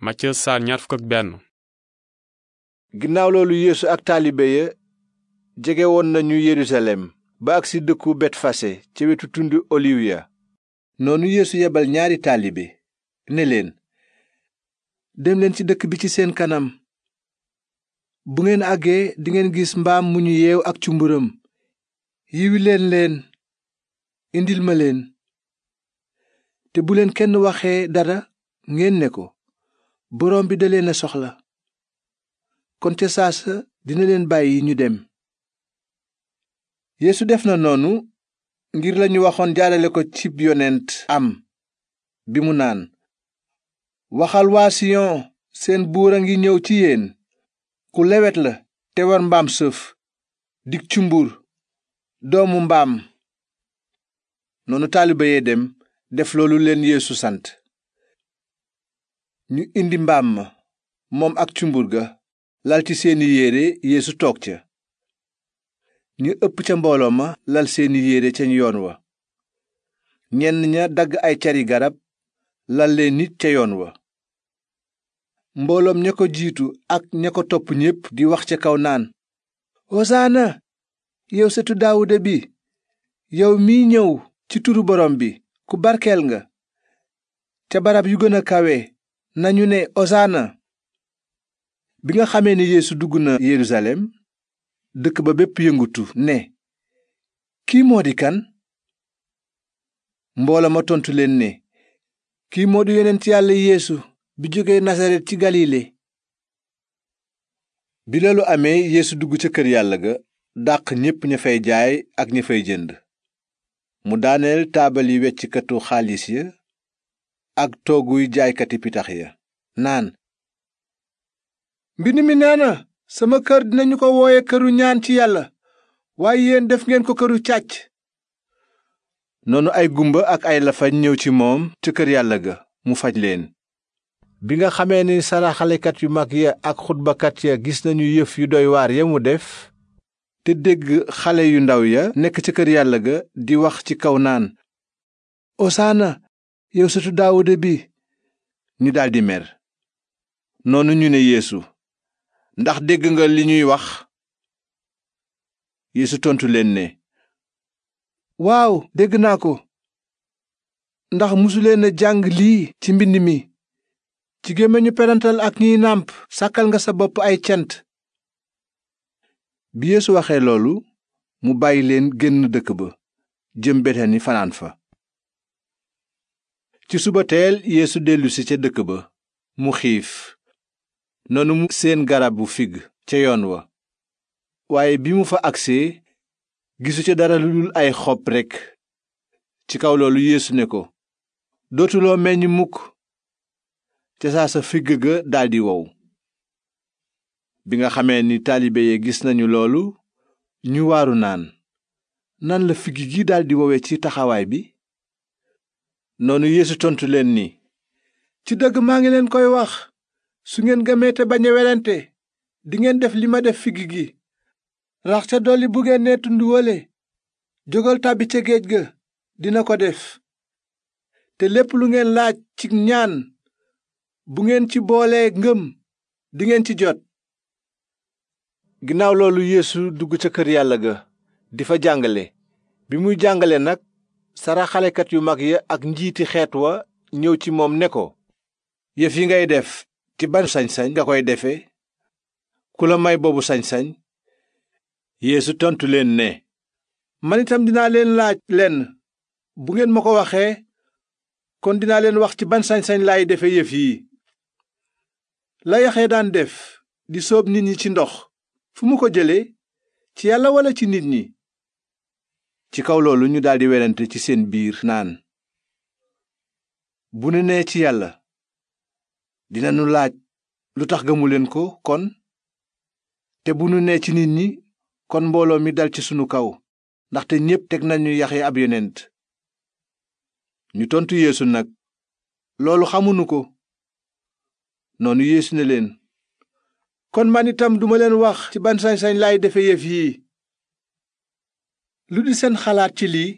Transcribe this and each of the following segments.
Matthieu saar ñaar ginnaaw loolu yéesu ak taalibe ya jege woon nañu yerusalem ba ak si dëkku betfase ci wetu tund oliw ya noonu yéesu yebal ñaari taalibe ne leen dem ci dëkk bi ci seen kanam bu ngeen àggee dingeen gis mbaam mu ñu yeew ak cumburam yiwi leen leen indil ma leen te bu leen kenn waxee dara ngeen ne ko borom bi da leen soxla kon ca dina leen bàyyi ñu dem yeesu def na noonu ngir lañu waxoon jaarale ko cib yonent am bi mu naan waxal waa siyon seen buur a ngi ñëw ci yéen ku lewet la te war mbaam sëf dig cumbur doomu mbaam noonu taaliba yee dem def loolu leen yéesu sant ñu indi mbaam ma moom ak cumbur ga lal ci seeni yére yeesu toog ca ñu ëpp ca mbooloo ma lal seeni yére ca yoon wa ñenn ña dagg ay cari garab lal leen nit ca yoon wa mbooloom ña ko jiitu ak ña ko topp ñépp di wax ca kaw naan hosaana yow setu bi yow miy ñëw ci turu borom bi ku barkeel nga ca barab yu gën a kawe nañu ne osaana bi nga xamee ni yéesu dugg na yerusalem dëkk ba bépp yëngutu ne kii moo di kan mboolo ma tontu leen ne kii moo di ci yàlla yéesu bi jóge nasaret ci galile bi lalu amee yeesu dugg ca kër yàlla ga dàq ñépp ña fay jaay ak ña fay jënd mu daaneel taabal yi weccikatu xaalis ya ak tooguy jaaykati pitax ya naan mbind mi nee sama kër dinañu ko wooye këru ñaan ci yàlla waaye yéen def ngeen ko këru càcc noonu ay gumba ak ay lafañ ñëw ci moom ci kër yàlla ga mu faj leen bi nga xamee ni saraxalekat yu mag ya ak xutbakat ya gis nañu yëf yu doy waar ya mu def te dégg xale yu ndaw ya nekk ci kër yàlla ga di wax ci kaw naan yow sëtu bi ñu daldi mer noonu ñu ne yeesu ndax dégg nga li ñuy wax yeesu tontu leen ne waaw dégg naa ko ndax musuleen a jàng lii ci mbind mi ci gémmiñu perantal ak ñuy nàmp sàkkal nga sa bopp ay cant bi yeesu waxee loolu mu bàyyi leen génn dëkk ba jëm betani fanaan fa ci suba teel yéesu dellusi ca dëkk ba mu xiif noonu seen garab bu figg ca yoon wa waaye bi mu fa agsee gisu ca dara lu dul ay xob rekk ci kaw loolu yéesu ne ko dootuloo meññ mukk ca saa sa figg ga daldi wow bi nga xamee ni taalibe yi gis nañu loolu ñu waaru naan nan la figg gi daldi wowe ci taxawaay bi noonu yeesu tontu leen ni ci dëgg maa ngi leen koy wax su ngeen gëmee te ba a werante dingeen def li ma def figg gi rax ca dolli bu ngeen nee tund wële jógal tàbbi ca géej ga dina ko def te lépp lu ngeen laaj ci ñaan bu ngeen ci boolee ngëm dingeen ci jot ginnaaw loolu yéesu dugg ca kër yàlla ga di fa jàngale bi muy jàngale nag xalekat yu mag ya ak njiiti xeet wa ñëw ci moom ne ko yëf yi ngay def ci ban sañ-sañ nga koy defe ku la may boobu sañ-sañ yéesu tontu leen ne man itam dinaa leen laaj leen bu ngeen ma ko waxee kon dinaa leen wax ci ban sañsañ lay defe yëf yi la yaxee daan def di sóob nit ñi ci ndox fu mu ko jële ci yàlla walla ci nit ñi ci kaw loolu ñu daldi werante ci seen biir naan bu nu nee ci yàlla dinanu laaj lu tax gëmuleen ko kon te bu nu nee ci nit ñi kon mbooloo mi dal ci sunu kaw ndaxte ñépp teg nañu Yaxya ab yonent ñu tontu yéesu nag loolu xamunu ko noonu yéesu ne leen kon man itam duma leen wax ci ban sañ-sañ laay defe yëf yii lu di seen xalaat ci lii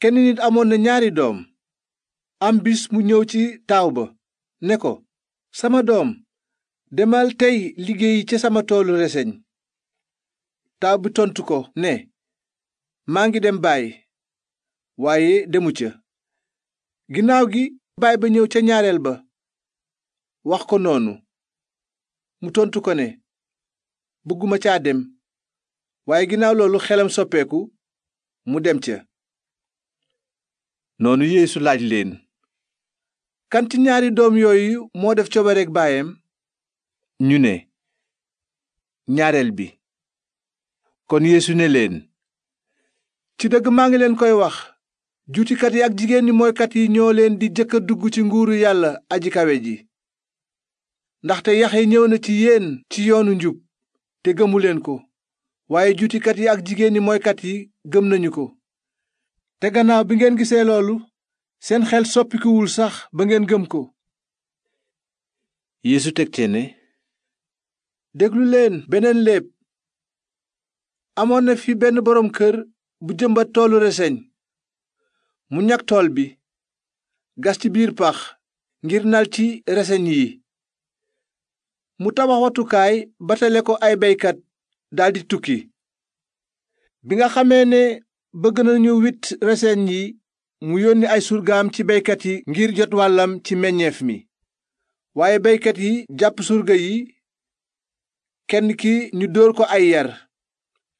kenn nit amoon na ñaari doom am bis mu ñëw ci taaw ba ne ko sama doom demal tey liggéeyi ca sama toolu reseñ taaw bi tontu ko ne maa ngi dem baay waaye demu ca ginnaaw gi baay ba ñëw ca ñaareel ba wax ko noonu mu tontu ko ne bëgguma caa dem waaye ginnaaw loolu xelam soppeeku mu dem ca noonu yéesu laaj leen kan ci ñaari doom yooyu moo def coobareek baayam ñu ne ñaareel bi kon yeesu ne leen ci dëgg maa ngi leen koy wax juutikat yi ak jigéen ñi mooykat yi ñoo leen di jëkk a dugg ci nguuru yàlla aji kawe ji ndaxte yaxe ñëw na ci yéen ci yoonu njub te gëmu leen ko waaye juutikat yi ak jigéeni mooykat yi gëm nañu ko te gannaaw bi ngeen gisee loolu seen xel soppikuwul sax ba ngeen gëm ko yéesu teg cee ne déglu leen beneen léeb amoon na fi benn boroom kër bu jëmbat toolu reseñ mu ñag tool bi gas ci biir pax ngir nal ci reseñ yi mu tabax watukaay batale ko ay baykat daldi tukki bi nga xamee ne bëgg nañu wit reseñ yi mu yónni ay surgaam ci baykat yi ngir jot wàllam ci meññeef mi waaye baykat yi jàpp surga yi kenn ki ñu dóor ko ay yar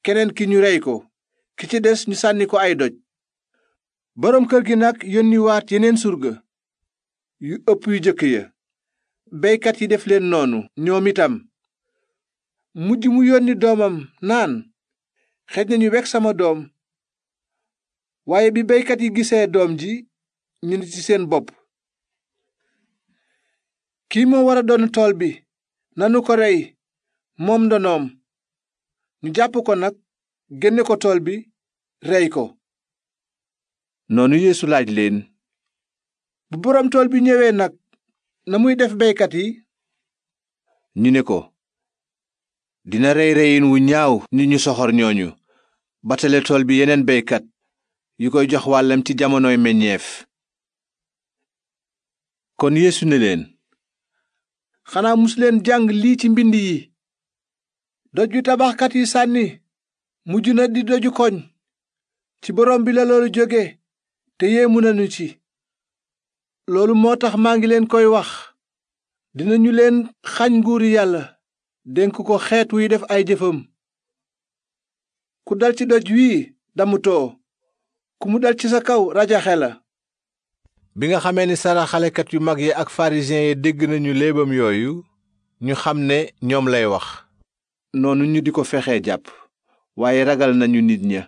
keneen ki ñu rey ko ki ci des ñu sànni ko ay doj boroom kër gi nag yónniwaat yeneen surga yu ëpp yu jëkk ya baykat yi def leen noonu ñoom itam mujj mu yónni doomam naan xëj na ñu wekk sama doom waaye bi baykat yi gisee doom ji ñu ni ci seen bopp kii moo war a doon tool bi nanu ko rey moom ndonoom ñu jàpp ko nag génne ko tool bi rey ko noonu yeesu laaj leen bu boroom tool bi ñëwee nag na muy def baykat yi ñu ne ko dina rey reyin wu ñaaw ni ñu soxor ñooñu batale tool bi yeneen baykat yu koy jox wàllam ci jamonoy meññeef kon yéesu ne leen xanaa musuleen jàng lii ci mbind yi doju tabaxkat yi sànni mujj na di doju koñ ci borom bi la loolu jóge te yéemu nañu ci loolu moo tax maa ngi leen koy wax dinañu leen xañ nguuri yàlla dénk ko xeet wuy def ay jëfam ku dal ci doj wii damutoo ku mu dal ci sa kaw rajaxe la bi nga xamee ni saraxalekat yu mag yi ak farisiyen yi dégg nañu léebam yooyu ñu xam ne ñoom lay wax noonu ñu di ko fexee jàpp waaye ragal nañu nit ña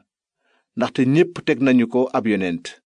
ndaxte ñépp teg nañu ko ab yonent